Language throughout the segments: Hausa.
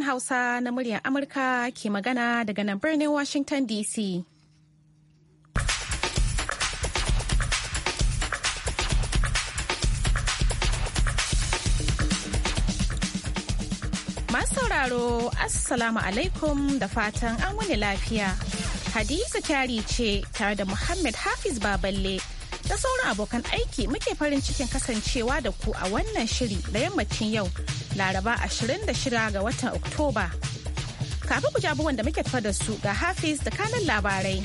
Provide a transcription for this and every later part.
sashen Hausa na muryar Amurka ke magana daga nan birnin Washington DC. Masu sauraro, Assalamu alaikum da fatan an wani lafiya. Hadiza kyari ce tare da Muhammad Hafiz Baballe. da sauran abokan aiki muke farin cikin kasancewa da ku a wannan shiri da yammacin yau Laraba 26 ga watan Oktoba. Kafin ku jabuwan da muke tafa da su ga Hafiz da kanan labarai.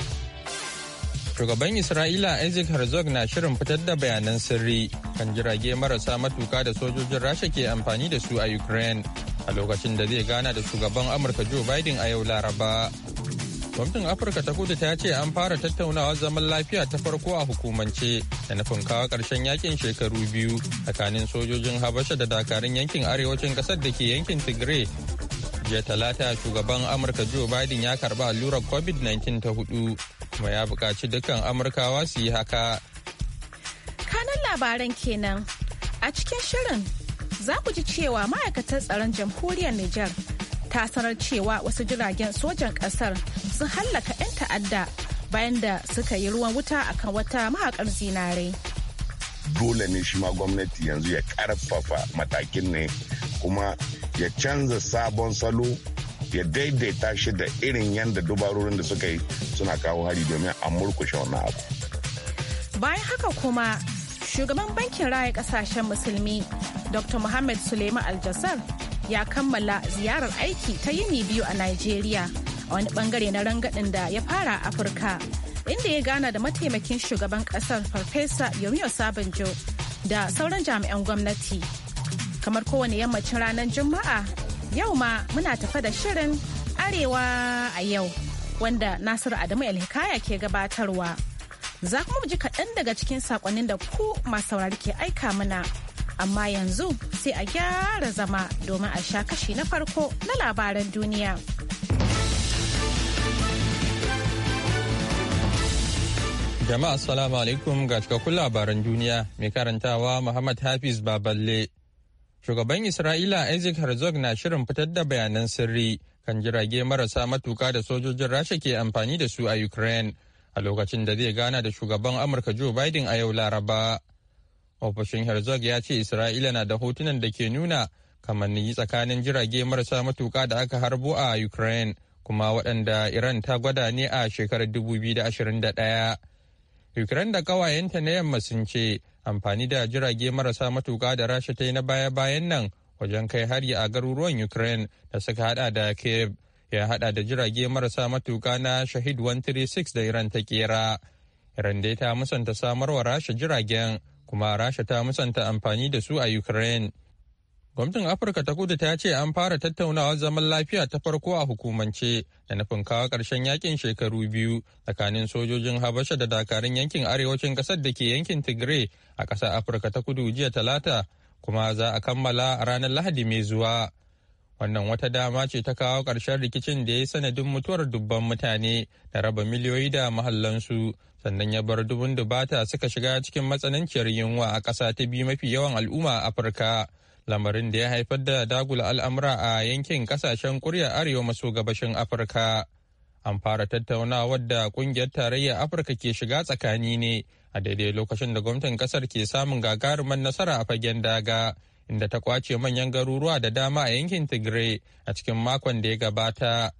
Shugaban Isra'ila Isaac Herzog na shirin fitar da bayanan sirri kan jirage marasa matuka da sojojin Rasha ke amfani da su a Ukraine a lokacin da zai gana da shugaban Amurka Joe Biden a yau Laraba. Gwamnatin Afirka ta kudu ta ce an fara tattaunawa zaman lafiya ta farko a hukumance da nufin kawo karshen yakin shekaru biyu tsakanin sojojin Habasha da dakarun yankin arewacin kasar da ke yankin Tigray. Jiya talata shugaban Amurka Joe Biden ya karba allurar COVID-19 ta hudu kuma ya buƙaci dukkan Amurkawa su yi haka. Kanan labaran kenan a cikin shirin za ku ji cewa ma'aikatar tsaron jamhuriyar Nijar ta sanar cewa wasu jiragen sojan kasar sun hallaka 'yan ta'adda bayan da suka yi ruwan wuta akan wata mahakar zinare. Dole ne shi ma gwamnati yanzu ya karfafa matakin ne kuma ya canza sabon salo ya daidaita shi da irin yadda dubarorin da suka yi suna kawo hari domin a murkushe wannan abu. Bayan haka kuma shugaban bankin raya kasashen musulmi Dr. Muhammad Suleiman aljasar. ya kammala ziyarar aiki ta yini biyu a Najeriya a wani bangare na rangadin da ya fara Afirka inda ya gana da mataimakin shugaban kasar Farfesa Yomiyo Sabanjo da sauran jami'an gwamnati. Kamar kowane yammacin ranar Juma'a yau ma muna tafa da shirin Arewa a yau wanda Nasiru Adamu Alhikaya ke gabatarwa. Za kuma mu ji kaɗan daga cikin saƙonnin da ku masu saurari ke aika mana. amma yanzu sai a gyara zama domin a sha kashi na farko na labaran duniya. Jama'a salamu alaikum ga cikakkun labaran duniya mai karantawa Muhammad Hafiz Baballe. Shugaban Isra'ila Isaac Herzog na shirin fitar da bayanan sirri kan jirage marasa matuka da sojojin Rasha ke amfani da su a Ukraine a lokacin da zai gana da shugaban Amurka Joe Biden a yau Laraba. ofishin herzog ya ce isra'ila na da hotunan da ke nuna kamanni tsakanin jirage marasa matuka da aka harbo a ukraine kuma waɗanda iran ta gwada ne a shekarar 2021 ukraine da ƙawayenta na yamma sun ce amfani da jirage marasa matuka da rasha ta yi na baya-bayan nan wajen kai hari a garuruwan ukraine da suka hada da kiev ya hada da jirage marasa matuka na shahid 136 da iran ta kera iran dai ta musanta samarwa rasha jiragen kuma rasha ta musanta amfani da su a ukraine gwamnatin afirka ta kudu ta ce an fara tattaunawa zaman lafiya ta farko a hukumance da nufin kawo ƙarshen yakin shekaru biyu tsakanin sojojin habasha da dakarun yankin arewacin ƙasar da ke yankin tigray a ƙasar afirka ta kudu jiya talata kuma za a kammala a ranar lahadi mai zuwa wannan wata dama ce ta kawo ƙarshen rikicin da ya yi sanadin mutuwar dubban mutane da raba miliyoyi da mahallansu sannan ya bar dubun dubata suka shiga cikin matsananciyar yunwa a ƙasa ta biyu mafi yawan al'umma a afirka lamarin da ya haifar da dagula al'amura a yankin ƙasashen ƙuryar arewa maso gabashin afirka an fara tattaunawar da ƙungiyar tarayyar afirka ke shiga tsakani ne a daidai lokacin da gwamnatin ƙasar ke samun gagarumar nasara a fagen daga inda ta kwace manyan garuruwa da dama a yankin tigray a cikin makon da ya gabata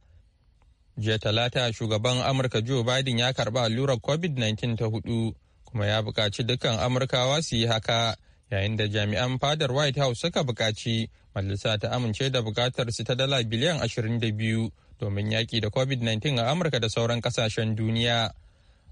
jiya talata shugaban amurka joe biden ya karba allurar covid-19 ta hudu kuma ya bukaci dukkan amurkawa su yi haka yayin da jami'an fadar white house suka bukaci majalisa ta amince da bukatar su ta dala biliyan 22 domin yaƙi da covid-19 a amurka da sauran ƙasashen duniya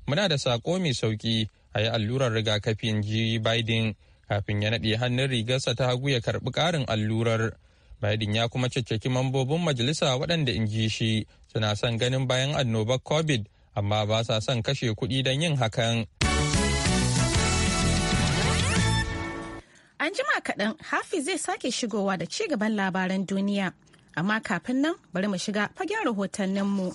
muna da saƙo mai sauƙi a yi allurar rigakafin ji biden kafin ya naɗe hannun rigarsa ta hagu ya karɓi ƙarin allurar Biden ya kuma cecceki mambobin majalisa waɗanda in ji shi suna son ganin bayan annobar COVID amma ba sa son kashe kuɗi don yin hakan. An jima kaɗan Hafi zai sake shigowa da ci gaban labaran duniya. Amma kafin nan bari mu shiga fagen rahotanninmu. mu.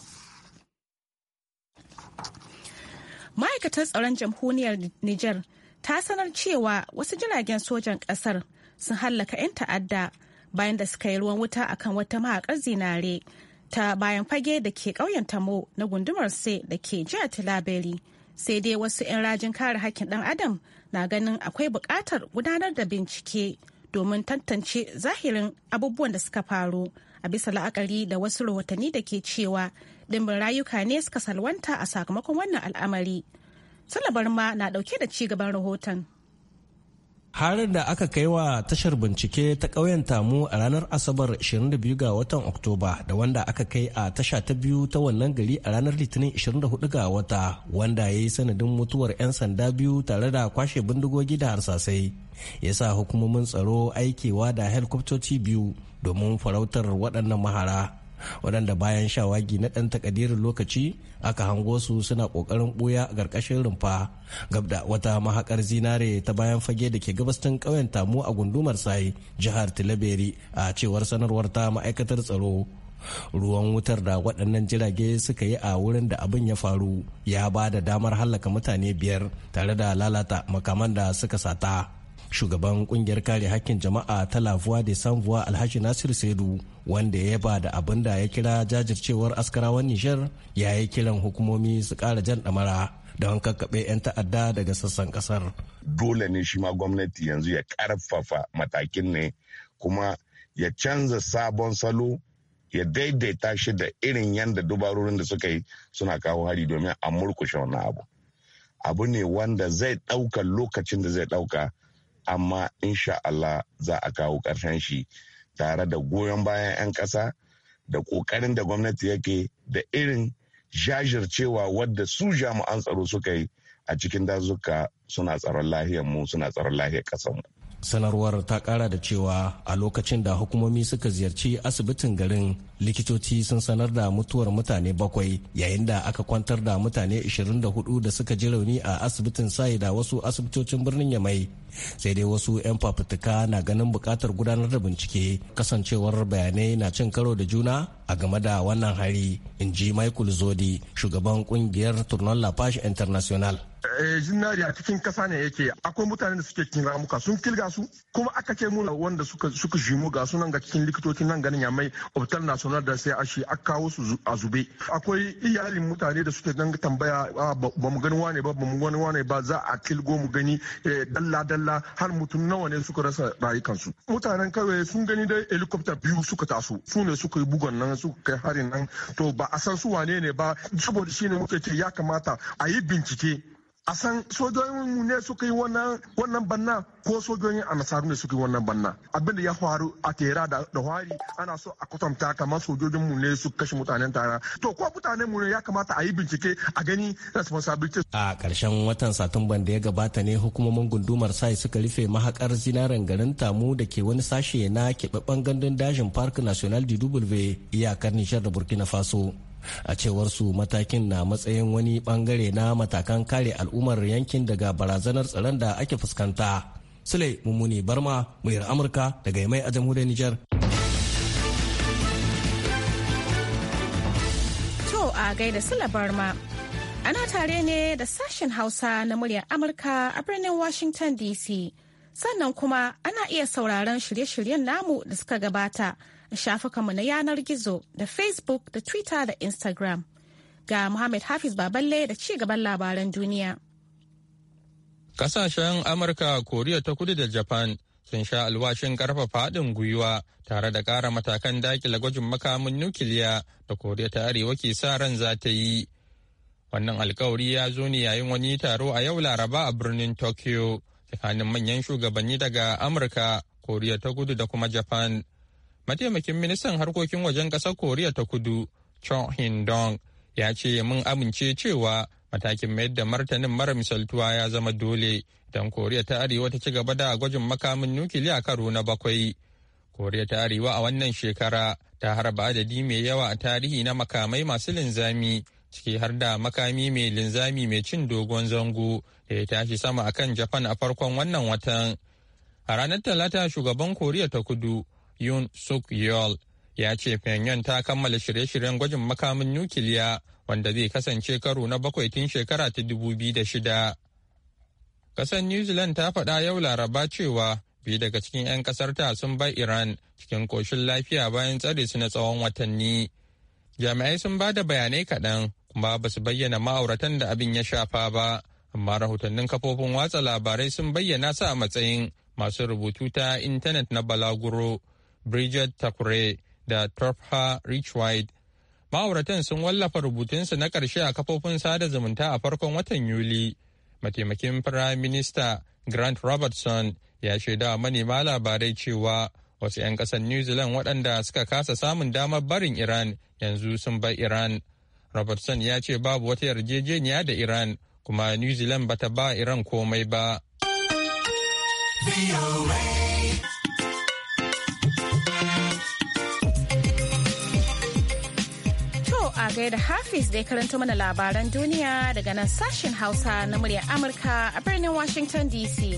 ma'aikatar tsaron jamhuriyar nijar ta sanar cewa wasu jiragen sojan ƙasar sun hallaka 'yan ta'adda bayan da suka yi ruwan wuta akan wata mahaƙar zinare ta bayan fage da ke ƙauyen tamo na gundumar sai da ke jiya tilabeli sai dai wasu 'yan rajin kare hakkin ɗan adam na ganin akwai buƙatar gudanar da bincike domin tantance zahirin abubuwan da suka faru a bisa la'akari da wasu rahotanni da ke cewa ɗimbin rayuka ne suka salwanta a sakamakon wannan al'amari. Salabar ma na ɗauke da ci gaban rahoton. harin da aka kai wa tashar bincike ta ƙauyen tamu a ranar asabar 22 ga watan oktoba da wanda aka kai a tasha ta biyu ta wannan gari a ranar litinin 24 ga wata wanda ya yi sanadin mutuwar 'yan sanda biyu tare da kwashe bindigogi da harsasai ya sa hukumomin tsaro aikewa da helikwaftoci biyu domin farautar waɗannan mahara waɗanda bayan shawagi na ɗan takadirin lokaci aka hango su suna ƙoƙarin ɓuya a ƙarƙashin rumfa gab da wata mahaƙar zinare ta bayan fage da ke gabastin ƙauyen tamu a gundumar sai jihar tilaberi a cewar sanarwar ta ma'aikatar tsaro ruwan wutar da waɗannan jirage suka yi a wurin da abin ya faru ya ba da damar hallaka mutane biyar tare da lalata makaman da suka sata shugaban kungiyar kare hakkin jama'a ta lavuwa da sanvuwa alhaji nasir saidu wanda ya ba da abin da ya kira jajircewar askarawan nishar ya yi kiran hukumomi su kara jan damara don kakkaɓe 'yan ta'adda daga sassan kasar dole ne shi ma gwamnati yanzu ya karfafa matakin ne kuma ya canza sabon salo ya daidaita shi da irin yadda dubarorin da suka yi suna kawo hari domin a murkushe wannan abu abu ne wanda zai ɗauka lokacin da zai ɗauka amma insha Allah za a kawo ƙarshen shi tare da goyon bayan 'yan ƙasa da ƙoƙarin da gwamnati yake da irin jajircewa wadda su jami'an tsaro suka yi a cikin dazuka suna tsaron lahiyar mu suna tsaron lahiyar ƙasar mu. sanarwar ta kara da cewa a lokacin da hukumomi suka ziyarci asibitin garin likitoci sun sanar da mutuwar mutane bakwai yayin da aka kwantar da mutane 24 da suka ji rauni a asibitin sai da wasu asibitocin birnin yamai sai dai wasu 'yan fafutuka na ganin bukatar gudanar da bincike kasancewar bayanai na cin karo da juna a game da wannan hari in ji michael zodi shugaban kungiyar turnon lafash international Eh, zinari a cikin kasa ne yake akwai mutanen da suke cikin ramuka sun kilga su kuma aka ce mu wanda suka suka mu ga sunan ga cikin likitoci nan ganin ya mai hospital national da sai ashi a kawo su a zube akwai iyalin mutane da suke dan tambaya ba mu gani wane ba ba mu gani wane ba za a kilgo mu gani eh, dalla dalla har mutum nawa ne suka rasa rayukansu mutanen kawai sun gani da helicopter biyu suka taso su ne suka yi bugon nan suka kai harin nan to ba a san su wane ne ba saboda shine muke ce ya kamata a yi bincike a san sojojin mu ne suka yi wannan banna ko sojojin a nasaru ne suka yi wannan banna abinda ya faru a tera da wari ana so a kwatanta kamar sojojin mu ne su kashe mutanen tara to ko mutanen mu ne ya kamata a yi bincike a gani responsibility a karshen watan satumban da ya gabata ne hukumomin gundumar sai suka rufe mahakar zinaren garin tamu da ke wani sashe na keɓaɓɓen gandun dajin park national de dubulve iyakar nishar da burkina faso a cewar su matakin na matsayin wani bangare na matakan kare al'ummar yankin daga barazanar tsaron da ake fuskanta sule mummuni barma muryar amurka daga mai a jamhuriyar niger to a gaida sule barma ana tare ne da sashen hausa na muryar amurka a birnin washington dc sannan kuma ana iya sauraron shirye-shiryen namu da suka gabata da shafukanmu na yanar gizo da Facebook da Twitter da Instagram. Ga Muhammad Hafiz Baballe da ci gaban labaran duniya. Kasashen Amurka, Koriya ta kudu da Japan sun sha alwashin karfafa haɗin gwiwa tare da ƙara matakan dakile gwajin makamin nukiliya da Koriya ta Arewa ke sa ran za ta yi. Wannan alkawari ya zo ne yayin wani taro a yau Laraba a birnin Tokyo tsakanin manyan shugabanni daga Amurka, Koriya ta kudu da kuma Japan. mataimakin ministan harkokin wajen ƙasar koriya ta kudu cho hin dong ya ce mun amince cewa matakin mayar da martanin mara misaltuwa ya zama dole don koriya ta arewa ta ci gaba da gwajin makamin nukiliya karo na bakwai koriya ta arewa a wannan shekara ta harba adadi mai yawa a tarihi na makamai masu linzami ciki har da makami mai linzami mai cin dogon zango da ya tashi sama akan japan a farkon wannan watan a ranar talata shugaban koriya ta kudu Yun Suk Yeol ya ce Pyongyang ta kammala shirye-shiryen gwajin makamin nukiliya wanda zai kasance karo na bakwai tun shekara ta dubu biyu da shida. Kasar New Zealand ta faɗa yau Laraba cewa biyu daga cikin 'yan kasar ta sun bar Iran cikin koshin lafiya bayan tsare su na tsawon watanni. Jami'ai sun ba da bayanai kaɗan kuma ba su bayyana ma'auratan da abin ya shafa ba, amma rahotannin kafofin watsa labarai sun bayyana su a matsayin masu rubutu ta intanet na balaguro. Bridget Takure da Tropha Richwide. Ma'auratan sun wallafa rubutunsu na ƙarshe a kafofin sada zumunta a farkon watan Yuli. Mataimakin Firayim Minista Grant Robertson ya shaida manema labarai cewa wasu 'yan ƙasar New Zealand waɗanda suka kasa samun damar barin Iran yanzu sun bar Iran. Robertson ya ce babu wata yarjejeniya da Iran kuma New Zealand bata ba Iran komai ba. a gaida Hafiz da ya karanta mana labaran duniya daga nan sashen Hausa na muryar Amurka a birnin Washington DC.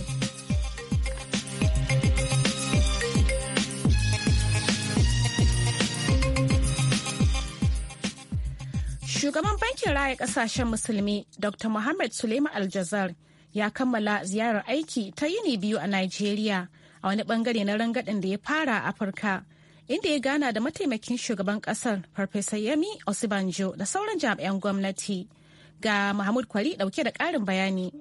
Shugaban bankin raya kasashen musulmi Dr. Muhammad Suleiman Aljazar ya kammala ziyarar aiki ta yini biyu a Najeriya a wani bangare na rangadin da ya fara a Afirka. inda ya gana da mataimakin shugaban kasar farfesa yemi osibanjo da sauran jami'an gwamnati ga mahmud kwari dauke da karin bayani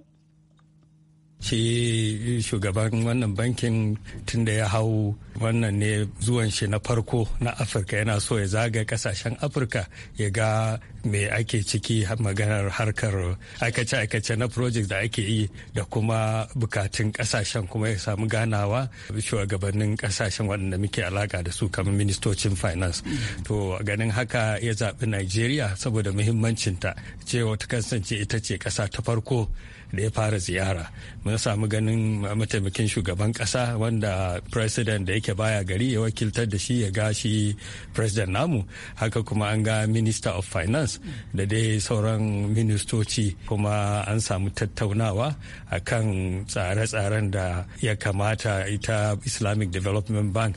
shi shugaban wannan bankin tun da ya hau wannan ne zuwan shi na farko na afirka yana so ya zaga kasashen afirka ya ga me ake ciki maganar harkar aikace-aikace na project da ake yi da kuma bukatun kasashen kuma ya samu ganawa shugabannin kasashen waɗanda muke alaka da su kamar ministocin finance to ganin haka ya zaɓi nigeria saboda muhimmancinta cewa ta kasance ita ce ƙasa ta farko da ya fara ziyara mun samu ganin mataimakin shugaban kasa wanda president da yake baya gari ya wakiltar da shi ya ga shi president namu haka kuma an ga minister of finance da dai sauran ministoci kuma an samu tattaunawa a kan tsare-tsaren da ya kamata ita islamic development bank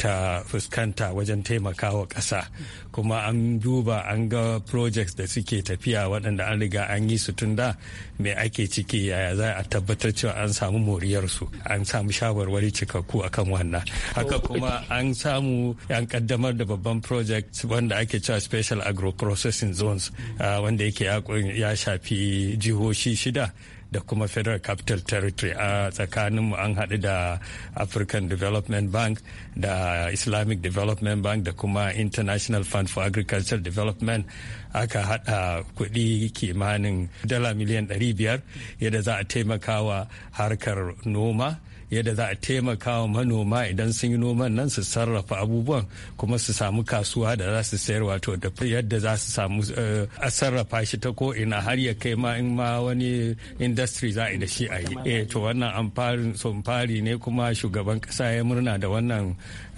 ta fuskanta wajen taimakawa ƙasa kuma an duba an ga projects da suke tafiya waɗanda an riga an yi su tun da me ake ciki yaya za a tabbatar cewa an samu moriyarsu an samu shawarwari cikakku akan wannan haka kuma an samu an kaddamar da babban project wanda ake cewa special agro processing zones uh, wanda yake ya shafi jihohi shida da kuma federal capital territory a mu an haɗu da african development bank da islamic development bank da kuma international fund for agricultural development aka haɗa kuɗi kimanin dala miliyan 500 yadda za a taimakawa harkar noma yadda za a taimaka wa manoma idan sun yi noman nan su sarrafa abubuwan kuma su samu kasuwa da za su sayar wato da yadda za su samu eh, a sarrafa shi ta ko ina har ya kai ma in ma wani industry za a yi da shi a yi eh to wannan amfarin fari ne kuma shugaban kasa ya murna da wannan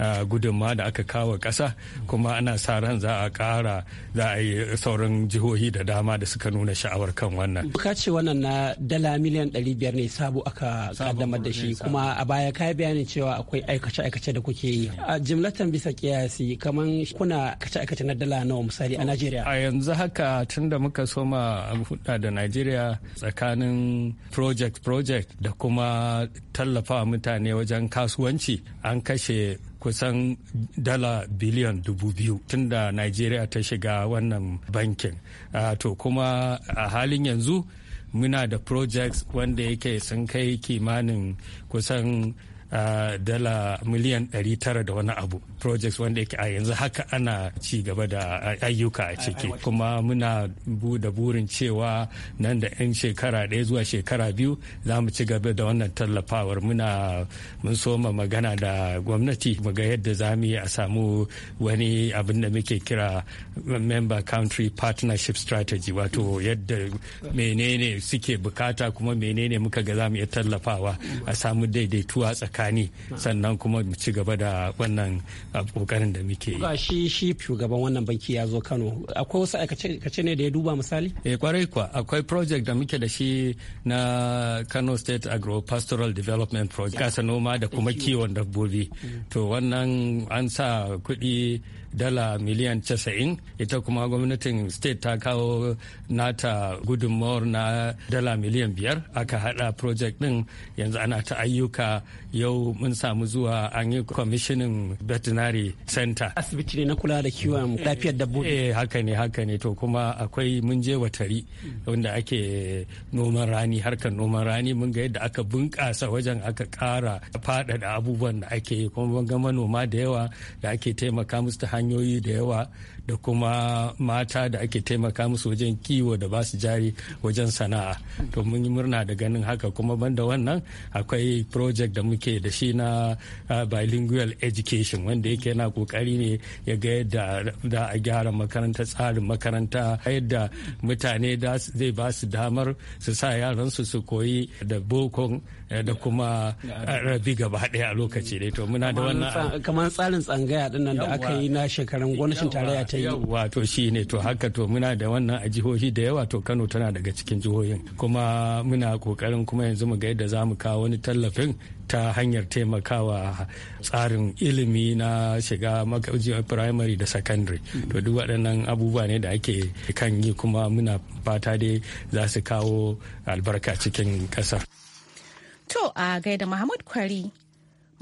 eh, gudunma da aka kawo kasa kuma ana sa ran za a kara za a yi sauran jihohi da dama da suka nuna sha'awar kan wannan ka ce wannan na dala miliyan 500 ne sabo aka kaddamar da shi kuma kuma a baya ka bayanin cewa akwai aikace-aikace da kuke yi a jimlatan bisa kiyasi kamar kuna aikace-aikace na dala nawa misali a najeriya a yanzu haka tun da muka soma hudda da najeriya tsakanin project project da kuma tallafa mutane wajen kasuwanci an kashe kusan dala biliyan dubu biyu tun da Najeriya ta shiga wannan bankin. to kuma a halin yanzu muna da projects wanda yake sun kai kimanin kusan Uh, dala miliyan 900 da wani abu projects wanda yake a yanzu haka ana ci gaba da ayyuka a ciki kuma muna da burin cewa nan da 'yan shekara ɗaya zuwa shekara biyu za mu ci gaba da wannan tallafawar muna mun soma magana da gwamnati Muga ga yadda za mu yi a samu wani abin da muke kira member country partnership strategy wato yadda menene suke bukata kuma menene muka ga za mu iya tallafawa a samu daidaituwa tsakanin tsakani sannan kuma mu ci gaba da wannan kokarin da muke yi shi shi shugaban wannan banki ya zo Kano akwai wasu aikace ne da ya duba misali eh kwarai kwa akwai project da muke da shi na Kano State Agro-Pastoral Development Project kasa noma da kuma kiwon dabbobi mm. to wannan an sa kuɗi dala miliyan 90 ita kuma gwamnatin state ta kawo nata gudunmawar na dala miliyan biyar aka hada project din yanzu ana ta ayyuka yau mun samu zuwa an yi commissioning veterinary center asibiti ne na kula da kiwon lafiyar dabbobi eh haka ne haka ne to kuma akwai mun je watari wanda ake noman rani harkar noman rani mun ga yadda aka bunkasa wajen aka kara da abubuwan da ake yi kuma ga manoma da yawa da ake taimaka musu ta 有一点话。da kuma mata da ake taimaka musu wajen kiwo da basu jari wajen sana'a to mun yi murna da ganin haka kuma banda wannan akwai project da muke da shi na uh, bilingual education wanda yake yana kokari ne ya ga yadda da a gyara makaranta tsarin makaranta yadda mutane zai ba su damar su sa yaran su su koyi da bokon eh, da kuma eh, rabi gaba daya a lokaci ne to muna da wannan kamar tsarin tsangaya dinnan da aka yi na shekarun gwamnatin tarayya ta yi yawa to shi ne to haka to muna da wannan a jihohi da yawa to Kano tana daga cikin jihohin kuma muna kokarin kuma yanzu mu ga yadda za mu kawo wani tallafin ta hanyar taimakawa tsarin ilimi na shiga makajiyar primary da secondary to duk waɗannan abubuwa ne da ake kan yi kuma muna fata dai za su kawo albarka cikin ƙasar. To a gaida Muhammad Kwari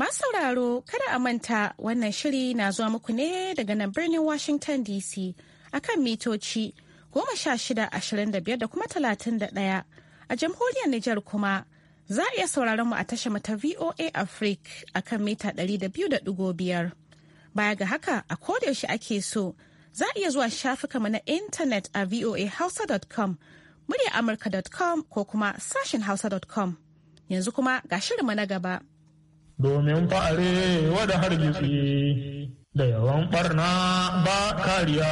Masu sauraro kada a manta wannan shiri na zuwa muku ne daga nan birnin Washington DC akan mitoci goma sha shida ashirin da biyar da kuma talatin da ɗaya a jamhuriyar Nijar kuma za a iya sauraron mu a tashar mata VOA Africa akan mita ɗari da biyu da ɗigo biyar. Baya ga haka a kodayaushe ake so za a iya zuwa shafukanmu na intanet a voahausa.com muryar amurka.com ko kuma sashen hausa.com yanzu kuma ga shirinmu na gaba. domin fa'are wada hargitsi da yawan ɓarna ba kariya.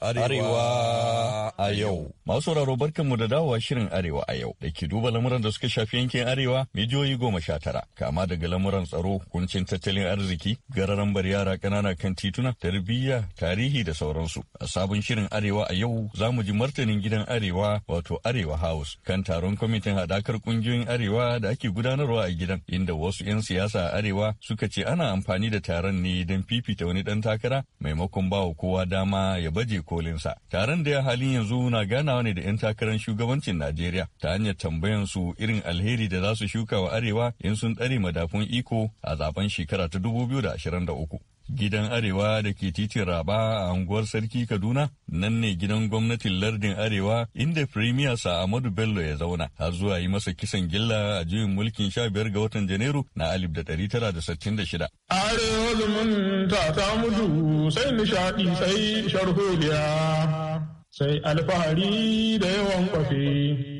Arewa a yau. Masu sauraro barkanmu da dawowa shirin Arewa a yau da ke duba lamuran da suka shafi yankin Arewa miliyoyi goma sha tara. Kama daga lamuran tsaro, kuncin tattalin arziki, gararan bar yara ƙanana kan tituna, tarbiyya, tarihi da sauransu. A sabon shirin Arewa a yau za mu ji martanin gidan Arewa wato Arewa House kan taron kwamitin haɗakar ƙungiyoyin Arewa da ake gudanarwa a gidan inda wasu 'yan siyasa a Arewa suka ce ana amfani da taron ne don fifita wani ɗan takara maimakon ba kowa dama ya baje kolinsa. Taron da ya halin yanzu na ganawa ne da 'yan takarar shugabancin Najeriya ta hanyar tambayan su irin alheri da za su shuka wa Arewa in sun tsare madafun iko a zaben shekara ta 2023. Gidan Arewa da ke titin Raba a unguwar Sarki Kaduna nan ne gidan gwamnatin lardin Arewa inda Firimiya Sa'amadu Bello ya zauna har zuwa yi masa kisan gilla a juyin mulkin biyar ga watan Janairu na alif da da da dari tara sittin shida. Arewa zumunta ta mutu sai nishaɗi sai sharholiya sai alfahari da yawan kwafe.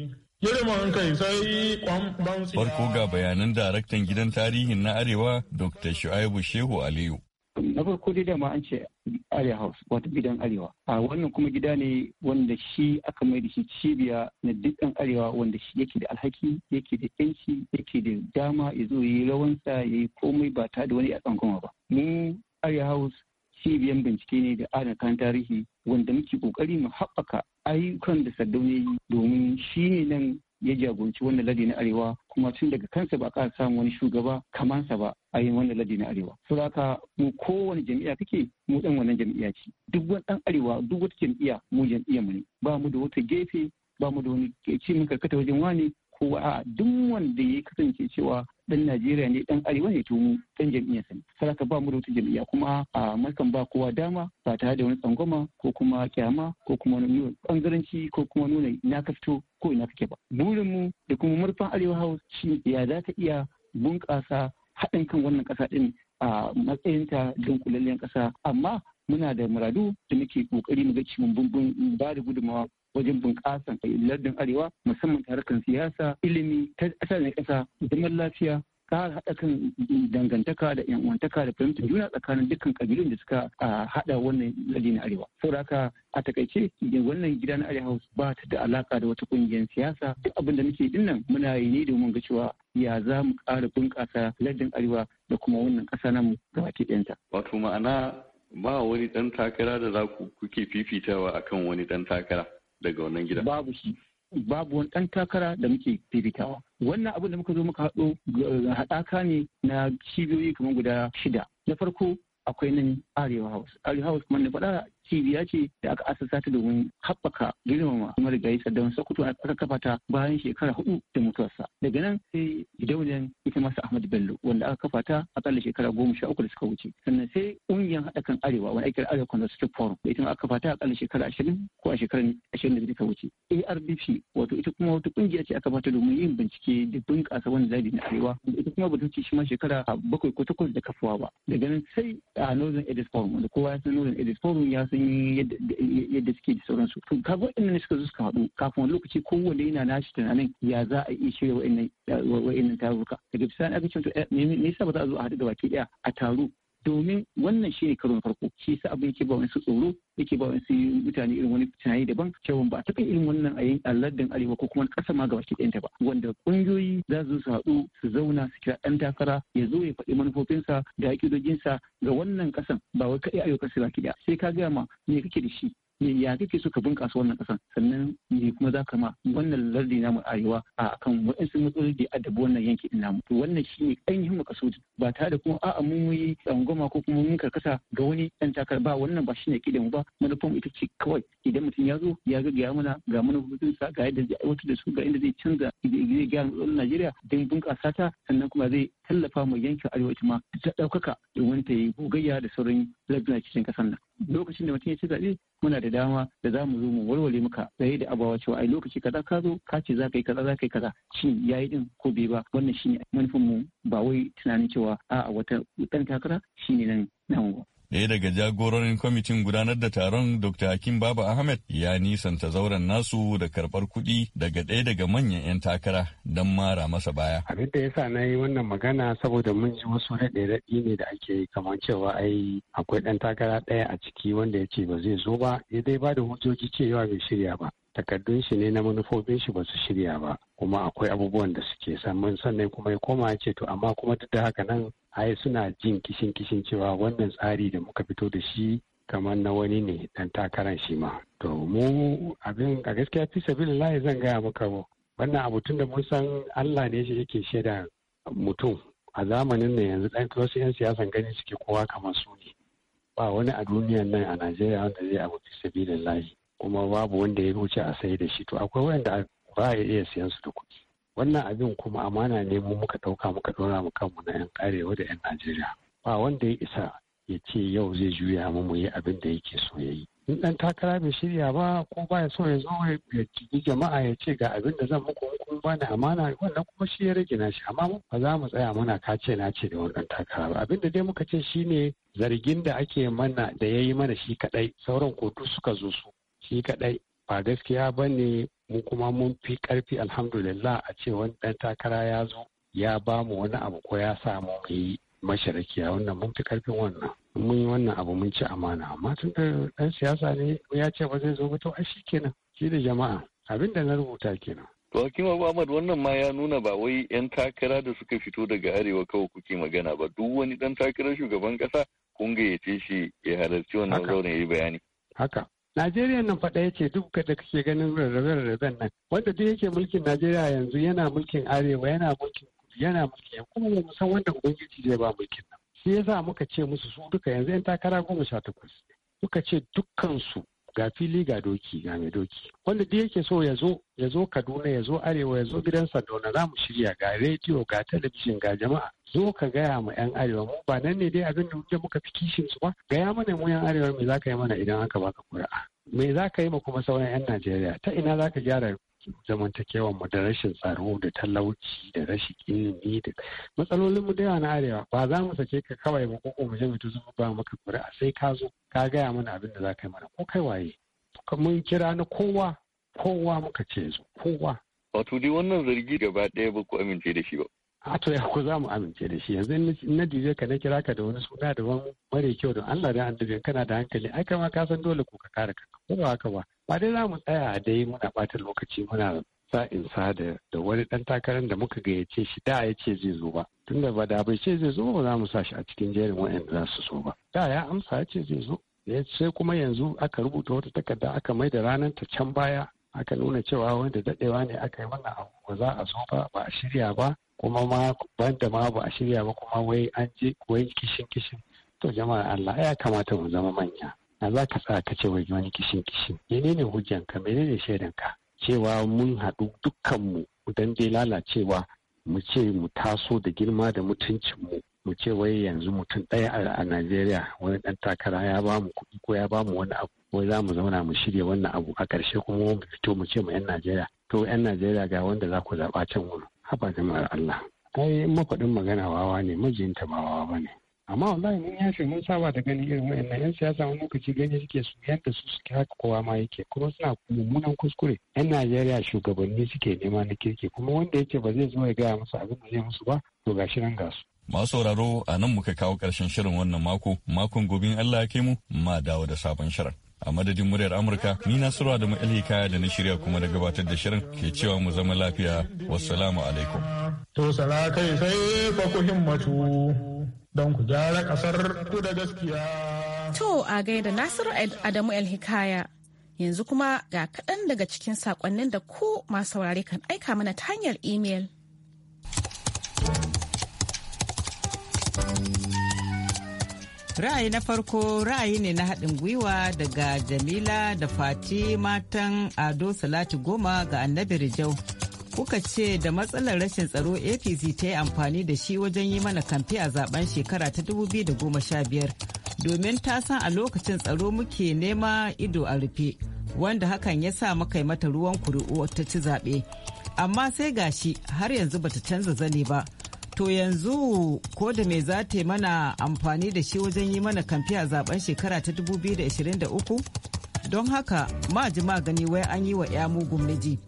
Farko ga bayanan daraktan gidan tarihin na Arewa Dr. Shu'aibu Shehu Aliyu. na farko dai dama an ce area house wato gidan arewa a wannan kuma gida ne wanda shi aka mai da shi cibiya na dukkan arewa wanda shi yake da alhaki yake da yanci yake da dama ya zo yi rawansa ya yi komai ba ta da wani ya tsankoma ba mu area house cibiyan bincike ne da ana kan tarihi wanda muke kokari mu haɓaka ayyukan da saddaune domin shi ne nan ya jagoranci wannan ladi na arewa kuma tun daga kansa ba ƙara samun wani shugaba kamansa ba a yin wannan ladi na arewa so mu kowane jam'iyya kake mu dan wannan jam'iyya ce duk wani dan arewa duk wata jam'iyya mu jam'iyyar mu ne ba mu da wata gefe ba mu da wani eh, ci mun karkata wajen wani kowa duk wanda ya kasance cewa dan Najeriya ne dan Arewa ne tumu dan jam'iyyar sa saraka ba mu da wata jam'iyya kuma a mulkan ba kowa dama ba tare da wani tsangwama ko kuma kyama ko kuma nuna bangaranci ko kuma nuna ina ka fito ko ina kake ba burin mu da kuma murfan Arewa House shi ya za ta iya bunƙasa haɗin kan wannan ƙasa ɗin a matsayinta don kulallen ƙasa amma muna da muradu da muke kokari mu ga cikin bumbun ba da gudunmawa wajen bunƙasan lardin arewa musamman ta harkar siyasa ilimi ta ƙasa na ƙasa zaman lafiya ka haɗa kan dangantaka da yan'uwantaka da fahimtar juna tsakanin dukkan ƙabilun da suka haɗa wannan lardi na arewa saboda haka a takaice wannan gida na arewa ba ta da alaka da wata ƙungiyar siyasa duk abin da muke dinnan muna yi ne domin ga cewa ya za mu ƙara bunƙasa lardin arewa da kuma wannan ƙasa namu gabaki ɗanta wato ma'ana ba wani ɗan takara da za ku kuke fifitawa akan wani ɗan takara. daga wannan gida babu shi babu wani ɗan takara da muke fifitawa wannan abin da muka zo muka haɗo eh, haɗaka ne na cibiyoyi kamar guda shida na farko akwai nan arewa house arewa house kuma na faɗa cibiya ce da aka asasa ta domin haɓaka girmama gaisa don sokoto aka kafa ta bayan shekara hudu da mutuwarsa daga nan sai gidauniyar ita masa ahmad bello wanda aka kafa ta ƙalla shekara goma sha uku da suka wuce sannan sai ƙungiyar haɗa kan arewa wani ake arewa conservative forum da ita ma aka kafa ta ƙalla shekara ashirin ko a shekarar ashirin da suka wuce ardp wato ita kuma wata ƙungiya ce aka fata domin yin bincike da bunƙasa wani zabi na arewa ita kuma ba ce shi ma shekara bakwai ko takwas da kafuwa ba daga nan sai a northern edis forum wanda kowa ya san northern edis forum ya san sun yi yadda suke da sauransu to ka waɗannan suka zo suka haɗu kafin wani lokaci kowanne yana nashi tunanin ya za a iya shirya wa'annan tarurruka daga bisani aka ce to eh, me yasa ba za a zo a haɗu da baki ɗaya a taru domin wannan shine karon farko shi yasa abin yake ba wani su tsoro yake ba wani su mutane irin wani tunani daban cewa ba a taɓa irin wannan a yin alladin arewa ko kuma ƙasa ma gaba ɗanta ba wanda ƙungiyoyi za su haɗu su zauna su kira ɗan takara ya zo ya faɗi manufofinsa da haƙidojinsa ga wannan ƙasan ba wai kaɗai ayyukan su baki ɗaya sai ka gaya ma me kake da shi ya kake suka bunƙasa wannan ƙasan sannan me kuma za ka ma wannan lardi namu arewa a kan waɗansu matsaloli da adabi wannan yanki ɗin namu ne wannan yi ainihin makasudi ba tare da kuma a'a mun yi tsangwama ko kuma mun karkasa ga wani ɗan takara ba wannan ba shine mu ba manufan ita ce kawai idan mutum ya zo ya ga gaya mana ga mana sa ga yadda zai aiwatar da su ga inda zai canza zai gyara matsalolin Najeriya don bunƙasa ta sannan kuma zai tallafa ma yankin arewacin ma ta ɗaukaka domin ta yi gogayya da sauran lardunan cikin ƙasar nan. lokacin da mutum ya ci zaɓe muna da dama da za mu zo mu warware muka tsaye da abawa cewa ai lokaci kaza ka zo ka ce za ka yi kaza za ka yi kaza shin ya yi din ko bai ba wannan shine manufin mu ba wai tunanin cewa a'a wata ɗan takara shi ne nan nan Daya daga jagororin kwamitin gudanar da taron Dr. Hakim Baba Ahmed ya nisanta zauren nasu da karɓar kuɗi daga ɗaya daga manyan 'yan takara don mara masa baya. Abin da ya sa na yi wannan magana saboda mun ji wasu raɗe-raɗi ne da ake kamar cewa ai akwai ɗan takara ɗaya a ciki wanda ya ce ba zai zo ba ya dai ba da hujjoji cewa bai shirya ba. takardun shi ne na manufofin shi ba su shirya ba kuma akwai abubuwan da suke samun sannan kuma ya koma ce to amma kuma duk da haka nan ai suna jin kishin kishin cewa wannan tsari da muka fito da shi kamar na wani ne dan takaran shi ma to mu abin a gaskiya fi sabilillahi zan gaya maka ba wannan abu tun da mun san Allah ne shi yake shaida mutum a zamanin nan yanzu dan wasu yan siyasan gani suke kowa kamar su ne ba wani a duniyan nan a Najeriya wanda zai abu fi sabilillahi kuma babu wanda ya wuce a sai da shi to akwai wanda ba ya iya siyan su da kuɗi wannan abin kuma amana ne mu muka ɗauka muka ɗora mu kanmu na 'yan karewa da 'yan najeriya ba wanda ya isa ya ce yau zai juya mu mu yi abin da yake so ya yi in ɗan takara bai shirya ba ko ba ya so ya zo ya jigi jama'a ya ce ga abin da zan muku kuma ba ni amana wannan kuma shi ya rage na shi amma ba za mu tsaya muna kace na ce da wannan takara ba abin da dai muka ce shine zargin da ake mana da ya yi mana shi kadai sauran kotu suka zo su shi kadai ba gaskiya ba ne mu kuma mun fi karfi alhamdulillah a ce wani dan takara ya zo ya ba mu wani abu ko ya samu mu yi masharakiya wannan mun fi karfin wannan mun yi wannan abu mun ci amana amma tun da dan siyasa ne ya ce ba zai zo ba to ai shi kenan shi da jama'a abin da na rubuta kenan To Hakim Abu Ahmad wannan ma ya nuna ba wai 'yan takara da suka fito daga arewa kawai kuke magana ba duk wani dan takarar shugaban kasa kun gayyace shi ya halarci wannan zauren ya yi bayani. Haka. Najeriya nan faɗa yake duk da kake ganin rarrabe-rarraben nan wanda duk yake mulkin Najeriya yanzu yana mulkin arewa yana mulkin kudu yana mulkin kuma mu san wanda ubangiji zai ba mulkin nan. Shi yasa muka ce musu su duka yanzu 'yan takara goma sha takwas. Muka ce dukkansu ga fili ga doki ga mai doki wanda da yake so ya zo ya zo kaduna ya zo arewa ya zo gidan sadauna za mu shirya ga rediyo ga talabijin ga jama'a zo ka gaya ma 'yan arewa mu ba nan ne dai abin da muke muka fi kishin su ba gaya mana mu 'yan arewa me za ka yi mana idan aka baka kuri'a me za ka yi ma kuma sauran 'yan najeriya ta ina za ka gyara zamantakewa mu da rashin tsaro da talauci da rashin ilimi da matsalolin mu da yawa na arewa ba za mu sake ka kawai ba ko mu je mu tuzu ba maka kuri'a sai ka zo ka gaya mana abin da za ka yi mana ko kai waye mun kira na kowa kowa muka ce zo kowa wato dai wannan zargi gaba ɗaya ba ku amince da shi ba a to ya ku za mu amince da shi yanzu na dije ka na kira ka da wani suna da wani mare kyau don Allah da annabi kana da hankali ai kama ka san dole ko ka kare ka ko ba haka ba ba dai za mu tsaya a dai muna ɓata lokaci muna sa sa da wani dan takarar da muka gayyace shi da ya ce zai zo ba tunda ba da bai ce zai zo ba za mu sa shi a cikin jerin wa'anda za su so ba da ya amsa ya ce zai zo sai kuma yanzu aka rubuta wata takarda aka mai da ranar ta can baya aka nuna cewa wanda dadewa ne aka yi wannan abu ba za a so ba ba a shirya ba kuma ma banda ma ba a shirya ba kuma wai an je wai kishin kishin to jama'a Allah ya kamata mu zama manya na za ka tsaya ka ce wai wani kishin kishin ne hujjan ka? menene ne shaidan ka? cewa mun haɗu dukkan mu dan dai lalacewa mu ce mu taso da girma da mutuncin mu ce wai yanzu mutum ɗaya a Najeriya wani ɗan takara ya ba mu kuɗi ko ya ba mu wani abu ko za mu zauna mu shirya wannan abu a ƙarshe kuma mu fito mu ce mu 'yan Najeriya to 'yan Najeriya ga wanda za ku zaɓa can wuri haba jama'ar Allah kai mafaɗin magana wawa ne mijinta ba wawa ba ne amma wallahi ni ya mun saba da ganin irin wayannan yan siyasa wani lokaci gani suke su yadda su suke haka kowa ma yake kuma suna mummunan kuskure yan najeriya shugabanni suke nema na kirki kuma wanda yake ba zai zo ya gaya musu abin da zai musu ba to gashi nan gasu Masu sauraro a nan muka kawo ƙarshen shirin wannan mako, makon gobin Allah ya kai mu ma dawo da sabon shirin. A madadin muryar Amurka, ni na surwa da ma'ali kaya da na shirya kuma da gabatar da shirin ke cewa mu zama lafiya. Wassalamu alaikum. To sala sai fa himmatu. don ku gyara kasar ku da gaskiya. To a gaida Nasiru Adamu El Hikaya. Yanzu kuma ga kaɗan daga cikin saƙonnin da ku masu saurare kan aika mana ta hanyar imel. Ra'ayi na farko ra'ayi ne na haɗin gwiwa daga Jamila da Fati matan Ado Salati Goma ga Annabi Rijau. kuka ce da matsalar rashin tsaro apc ta yi amfani da shi wajen yi mana kamfe a zaben shekara ta 2015 domin ta san a lokacin tsaro muke nema ido a rufe wanda hakan ya sa makai mata ruwan kuri'u ta ci zaɓe amma sai gashi har yanzu bata canza zane ba to yanzu ko da me za ta mana amfani da shi wajen yi mana kamfe a zaben shekara ta 2023 don haka ma ji magani wai an yi wa 'ya mugun miji.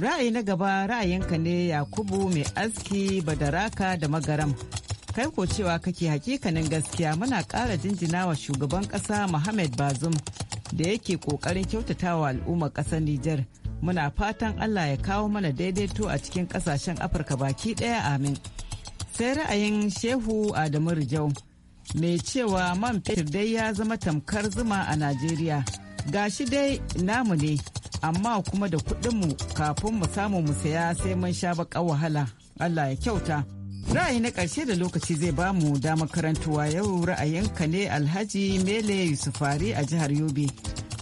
Ra'ayi na gaba ra'ayinka ne Yakubu mai aski badaraka da magaram. Kai ko cewa kake hakikanin gaskiya muna ƙara jinjina wa shugaban ƙasa Muhammad Bazum da yake ƙoƙarin kyautatawa al'ummar ƙasar Nijar. Muna fatan Allah ya kawo mana daidaito a cikin ƙasashen Afirka baki ɗaya amin. Sai ra'ayin Shehu Adamu Rijau mai cewa man fetur dai ya zama tamkar zuma a Najeriya. Gashi dai namu ne amma kuma da kuɗinmu kafin mu samu mu saya sai mun sha baka wahala allah ya kyauta ra'ayi na ƙarshe da lokaci zai ba mu damar karantuwa yau ra'ayinka ne alhaji mele yusufari a jihar yobe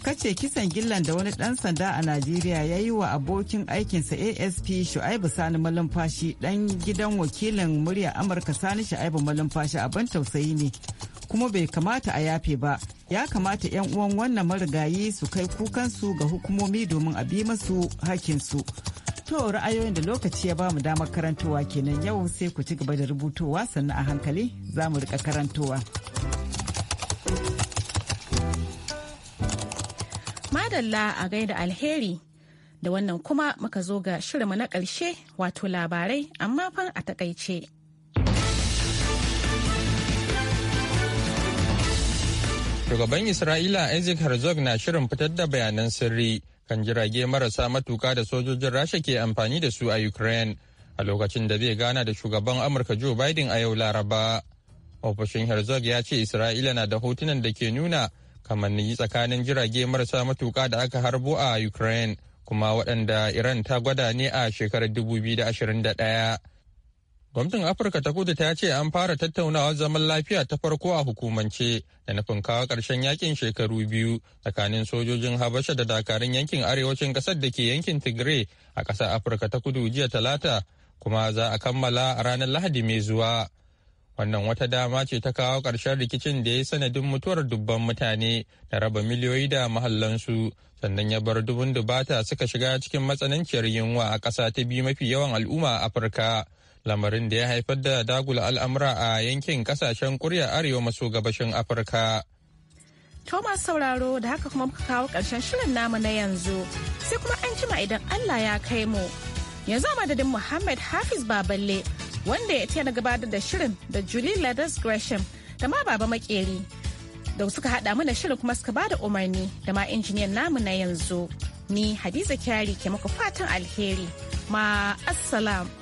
kace kisan gillan da wani ɗan sanda a najeriya ya yi wa abokin aikinsa asp shu'aibu sani malumfashi ɗan gidan wakilin murya amurka sani shu'aibu malumfashi abin tausayi ne kuma bai kamata a yafe ba ya kamata 'yan uwan wannan marigayi su kai kukansu ga hukumomi domin a bi masu hakinsu to ra'ayoyin da lokaci ya bamu damar karantowa kenan yau sai ku ci gaba da rubutowa sannan a hankali za mu rika karantowa madalla a gaida alheri da wannan kuma muka zo ga shirinmu na ƙarshe wato labarai amma fa a takaice. Shugaban Isra'ila Isaac Herzog na shirin fitar da bayanan sirri kan jirage marasa matuka da sojojin Rasha ke amfani da su a Ukraine a lokacin da zai gana da shugaban Amurka Joe Biden a yau Laraba. Ofishin Herzog ya ce Isra'ila na da hotunan da ke nuna kamanni tsakanin jirage marasa matuka da aka harbo a Ukraine kuma waɗanda Iran ta gwada ne a shekarar 2021. Gwamnatin Afirka ta kudu ta ce an fara tattaunawar zaman lafiya ta farko a hukumance da nufin kawo ƙarshen yakin shekaru biyu tsakanin sojojin Habasha da dakarun yankin arewacin ƙasar da ke yankin Tigray a ƙasar Afirka ta kudu jiya talata kuma za a kammala a ranar Lahadi mai zuwa. Wannan wata dama ce ta kawo ƙarshen rikicin da ya sanadin mutuwar dubban mutane da raba miliyoyi da mahallansu sannan ya bar dubun dubata suka shiga cikin matsananciyar yunwa a ƙasa ta biyu mafi yawan al'umma a Afirka. lamarin da ya haifar da dagula al'amura a yankin kasashen kurya arewa maso gabashin afirka Thomas sauraro da haka kuma muka kawo ƙarshen shirin namu na yanzu sai kuma an jima idan allah ya kai mu yanzu a madadin muhammad hafiz baballe wanda ya tiyana gabatar da shirin da julie ladas gresham da ma baba makeri da suka haɗa mana shirin kuma suka ba da umarni da ma injiniyan namu na yanzu ni hadiza kyari ke muku fatan alheri ma assalam